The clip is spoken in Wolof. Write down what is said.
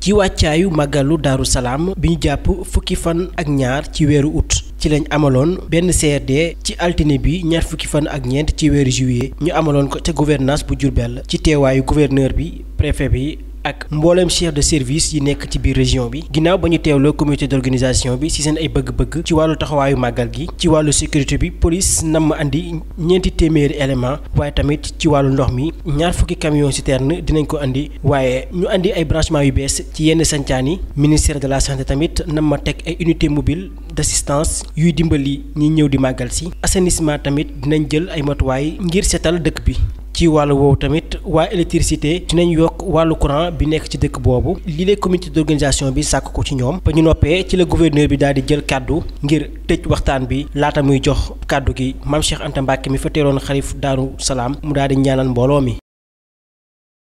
ci wàccaayu màggalu daaru salaam bi ñu jàpp fukki fan ak ñaar ci weeru août ci lañ amaloon benn CRD ci altine bi ñaar fukki fan ak ñeent ci weeru juillet ñu amaloon ko ca gouvernance bu Diourbel ci teewaayu gouverneur bi préfet bi ak mbooleem chef de service yi nekk ci biir région bi ginnaaw ba ñu teewloo comité d'organisation bi ci seen ay bëgg-bëgg ci wàllu taxawaayu màggal gi ci wàllu sécurité bi police ma andi ñeenti téeméeri élément waaye tamit ci wàllu ndox mi ñaar fukki camion citerne dinañ ko indi waaye ñu indi ay branchement yu bees ci yenn sancaan yi ministère de la santé tamit nam ma teg ay unité mobile d'assistance yuy dimbali ñi ñëw di màggal si assainissement tamit dinañ jël ay matuwaay ngir setal dëkk bi ci wàll woowu tamit waa électricité dinañ yokk wàllu courant bi nekk ci dëkk boobu lii lay comité d'organisation bi sàkk ko ci ñoom ba ñu noppee ci la gouverneur bi daal di jël kàddu ngir tëj waxtaan bi laata muy jox kàddu gi maam Cheikh Anta mi fa teeloon xalif Daaru Salaam mu daal di ñaanal mbooloo mi